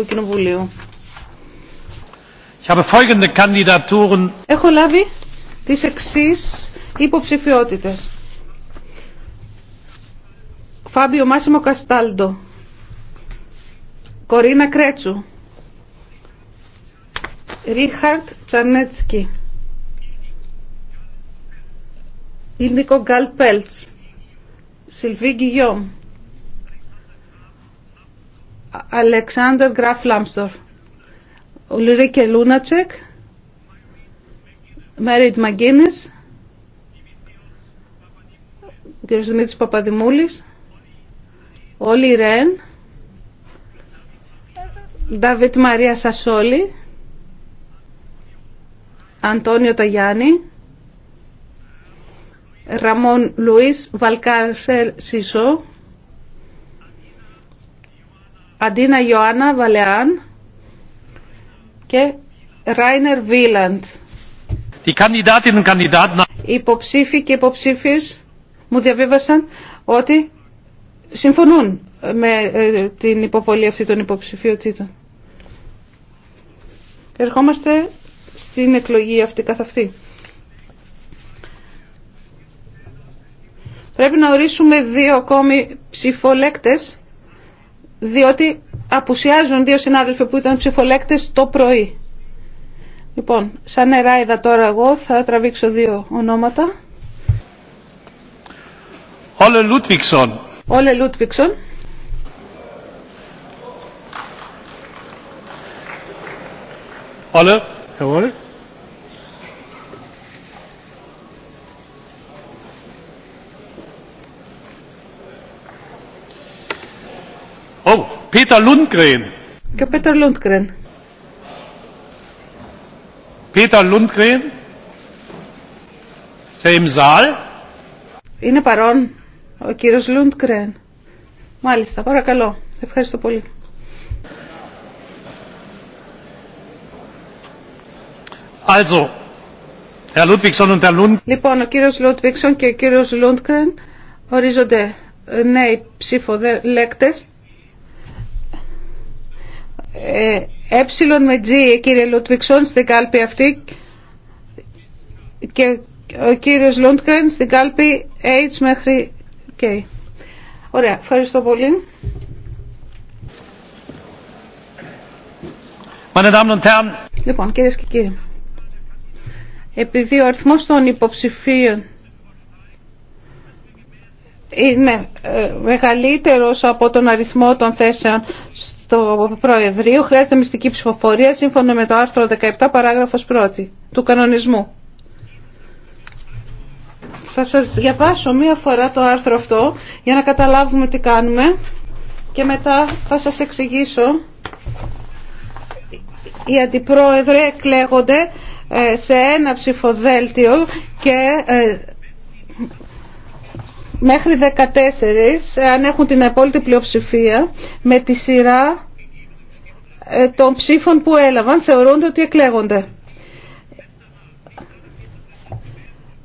Ευρωπαϊκού Κοινοβουλίου. Έχω λάβει τις εξής υποψηφιότητες. Φάμπιο Μάσιμο Καστάλντο, Κορίνα Κρέτσου, Ρίχαρτ Τσανέτσκι, Ινδικο Γκάλ Πέλτς, Σιλβί Αλεξάνδρ Γκραφ Λάμστορ. Ουλρίκε Λούνατσεκ. Μέριτ Μαγκίνε. κ. Δημήτρη Παπαδημούλης. Όλη Ρεν. Νταβίτ Μαρία Σασόλη. Αντώνιο Ταγιάννη. Ραμόν Λουίς Βαλκάρσελ Σισό. Αντίνα Ιωάννα Βαλεάν και Ράινερ Βίλαντ. Οι υποψήφοι και υποψήφιες μου διαβίβασαν ότι συμφωνούν με ε, την υποβολή αυτή των υποψηφιωτήτων. Ερχόμαστε στην εκλογή αυτή καθ' αυτή. Πρέπει να ορίσουμε δύο ακόμη ψηφολέκτες διότι απουσιάζουν δύο συνάδελφοι που ήταν ψηφολέκτες το πρωί. Λοιπόν, σαν νεράιδα τώρα εγώ, θα τραβήξω δύο ονόματα. Όλε Λούτβιξον. Όλε Λούτβιξον. Όλε. Όλε. Peter Lundgren. Και ο Peter Είναι παρόν ο κύριος Λούντκρεν. Μάλιστα, παρακαλώ. Ευχαριστώ πολύ. Also, Herr Λοιπόν, ο κύριος Λούντβιξον και ο κύριος Λούντκρεν ορίζονται νέοι ψηφοδελέκτες ε, ε με G, κύριε Λουτβιξόν, στην κάλπη αυτή και ο κύριος Λούντκεν στην κάλπη H μέχρι K. Ωραία, ευχαριστώ πολύ. Λοιπόν, κυρίες και κύριοι, επειδή ο αριθμός των υποψηφίων είναι ε, μεγαλύτερος από τον αριθμό των θέσεων στο Προεδρείο. Χρειάζεται μυστική ψηφοφορία σύμφωνα με το άρθρο 17 παράγραφος 1 του κανονισμού. Θα σας διαβάσω μία φορά το άρθρο αυτό για να καταλάβουμε τι κάνουμε και μετά θα σας εξηγήσω οι αντιπρόεδροι εκλέγονται ε, σε ένα ψηφοδέλτιο και ε, μέχρι 14 αν έχουν την απόλυτη πλειοψηφία με τη σειρά ε, των ψήφων που έλαβαν θεωρούνται ότι εκλέγονται.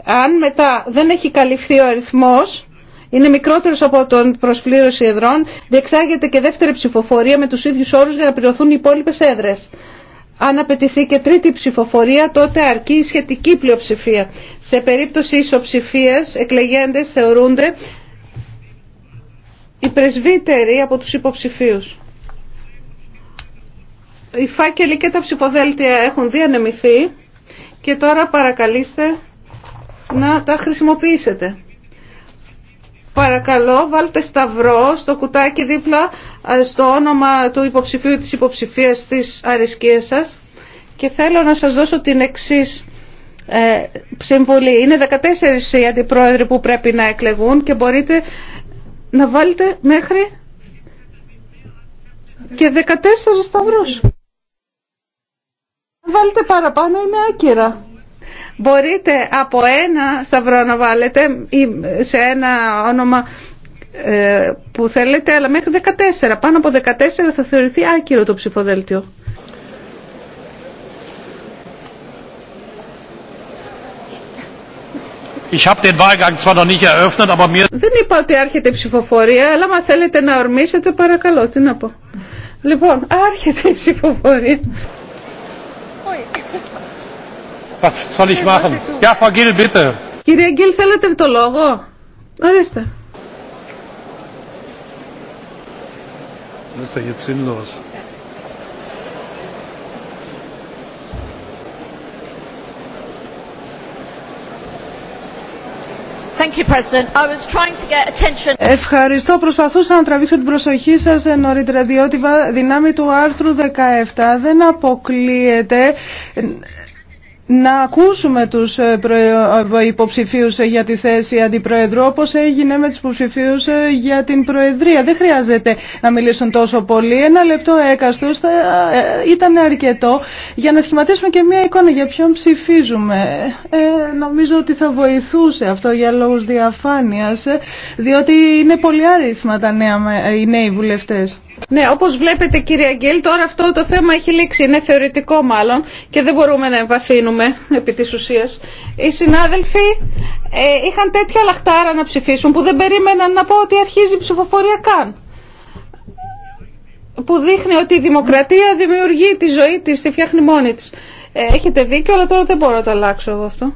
Αν μετά δεν έχει καλυφθεί ο αριθμός, είναι μικρότερος από τον προσφλήρωση εδρών, διεξάγεται και δεύτερη ψηφοφορία με τους ίδιους όρους για να πληρωθούν οι υπόλοιπες έδρες αν απαιτηθεί και τρίτη ψηφοφορία, τότε αρκεί η σχετική πλειοψηφία. Σε περίπτωση ισοψηφίας, εκλεγέντες θεωρούνται οι πρεσβύτεροι από τους υποψηφίους. Οι φάκελοι και τα ψηφοδέλτια έχουν διανεμηθεί και τώρα παρακαλείστε να τα χρησιμοποιήσετε. Παρακαλώ βάλτε σταυρό στο κουτάκι δίπλα ε, στο όνομα του υποψηφίου της υποψηφίας της αρισκίας σας και θέλω να σας δώσω την εξής ε, συμβολή. Είναι 14 οι αντιπρόεδροι που πρέπει να εκλεγούν και μπορείτε να βάλετε μέχρι και 14 σταυρούς. Αν βάλετε παραπάνω είναι άκυρα μπορείτε από ένα σταυρό να βάλετε ή σε ένα όνομα ε, που θέλετε, αλλά μέχρι 14. Πάνω από 14 θα θεωρηθεί άκυρο το ψηφοδέλτιο. Ich den zwar noch nicht eröffnet, aber mir... Δεν είπα ότι άρχεται η ψηφοφορία, αλλά μα θέλετε να ορμήσετε παρακαλώ, τι να πω. Λοιπόν, άρχεται η ψηφοφορία soll ich machen? Ja, Frau Gill, bitte. Κύριε Γκίλ, θέλετε το λόγο. Ορίστε. Das ist jetzt sinnlos. Thank you, President. I was trying to get attention. Ευχαριστώ. Προσπαθούσα να τραβήξω την προσοχή σας ε, νωρίτερα, διότι δυνάμει του άρθρου 17 δεν αποκλείεται να ακούσουμε τους ε, ε, υποψηφίους ε, για τη θέση αντιπροεδρού όπως έγινε με τους υποψηφίους για την προεδρία. Δεν χρειάζεται να μιλήσουν τόσο πολύ. Ένα λεπτό έκαστος ήταν αρκετό για να σχηματίσουμε και μια εικόνα για ποιον ψηφίζουμε. νομίζω ότι θα βοηθούσε αυτό για λόγους διαφάνειας διότι είναι πολύ άριθμα τα νέα, οι νέοι βουλευτές. Ναι, όπως βλέπετε κύριε Αγγέλη, τώρα αυτό το θέμα έχει λήξει, είναι θεωρητικό μάλλον και δεν μπορούμε να εμβαθύνουμε επί της ουσίας. Οι συνάδελφοι ε, είχαν τέτοια λαχτάρα να ψηφίσουν που δεν περίμεναν να πω ότι αρχίζει η ψηφοφορία καν. Που δείχνει ότι η δημοκρατία δημιουργεί τη ζωή της, τη φτιάχνει μόνη της. Ε, έχετε δίκιο, αλλά τώρα δεν μπορώ να το αλλάξω εγώ αυτό.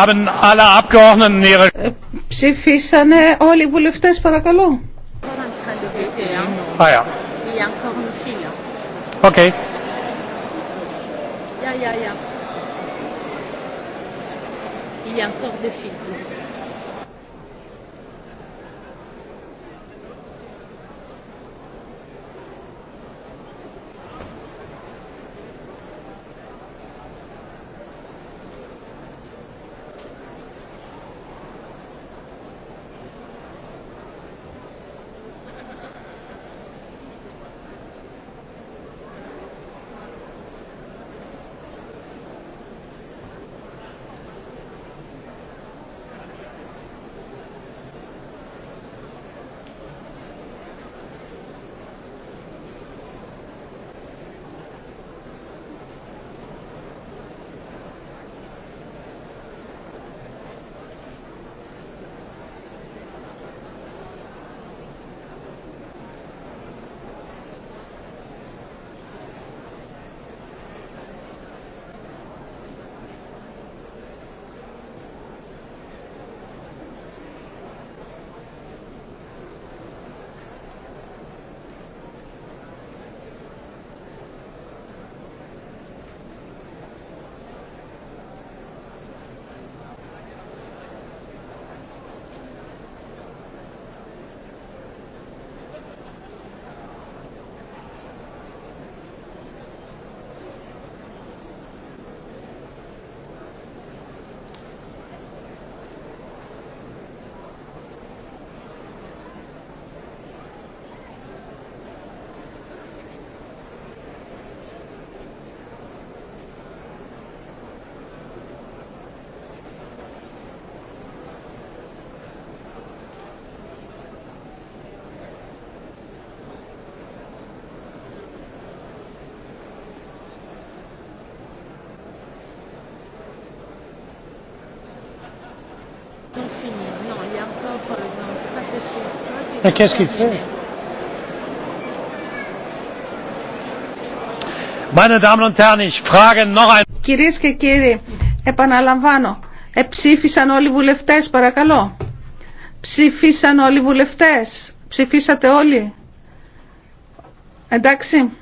Haben alle Abgeordneten ihre... Ψηφίσανε όλοι οι βουλευτές παρακαλώ. Ah, ja. Okay. Ja, ja, ja. Il y a encore des filles. Κυρίε Κυρίες και κύριοι, επαναλαμβάνω, εψήφισαν όλοι οι βουλευτές, παρακαλώ. Ψήφισαν όλοι οι βουλευτές. Ψηφίσατε όλοι. Εντάξει.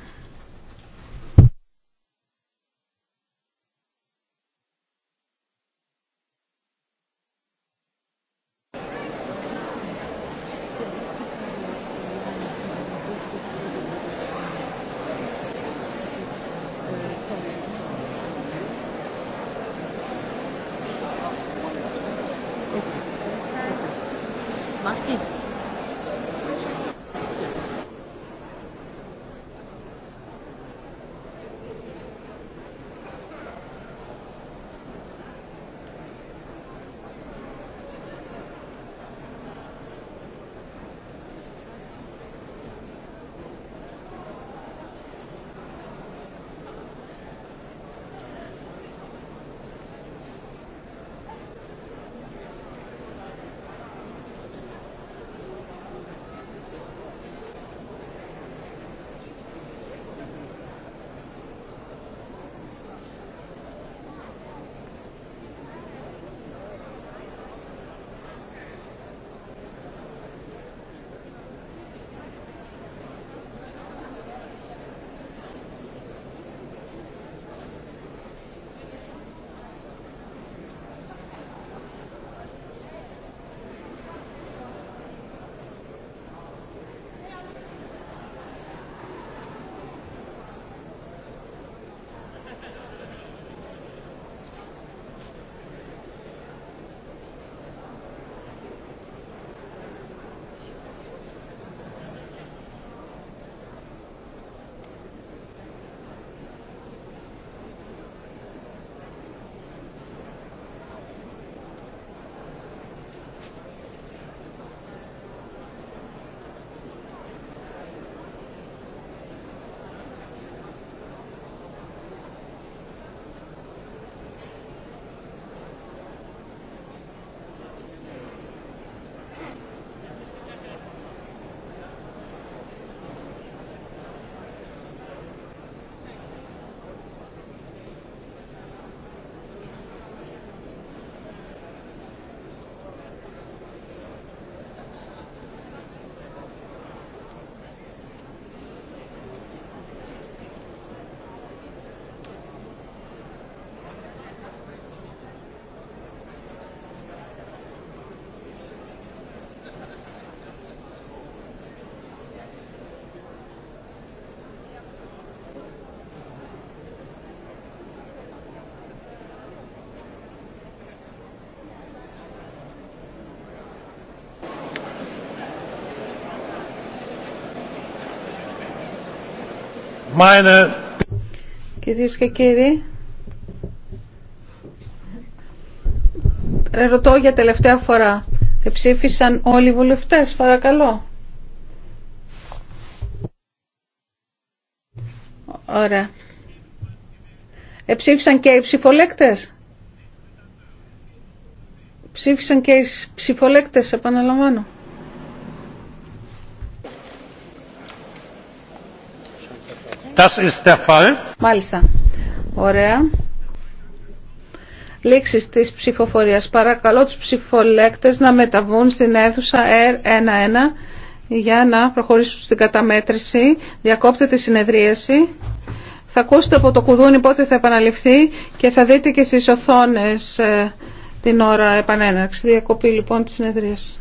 meine... Κυρίες και κύριοι, ρωτώ για τελευταία φορά. Εψήφισαν όλοι οι βουλευτές, παρακαλώ. Ωραία. Εψήφισαν και οι ψηφολέκτες. Ψήφισαν και οι ψηφολέκτες, επαναλαμβάνω. Μάλιστα. Ωραία. Λήξεις της ψηφοφορίας. Παρακαλώ τους ψηφολέκτες να μεταβούν στην αίθουσα R11 για να προχωρήσουν στην καταμέτρηση. Διακόπτε τη συνεδρίαση. Θα ακούσετε από το κουδούνι πότε θα επαναληφθεί και θα δείτε και στις οθόνες ε, την ώρα επανέναρξη. Διακοπή λοιπόν τη συνεδρίαση.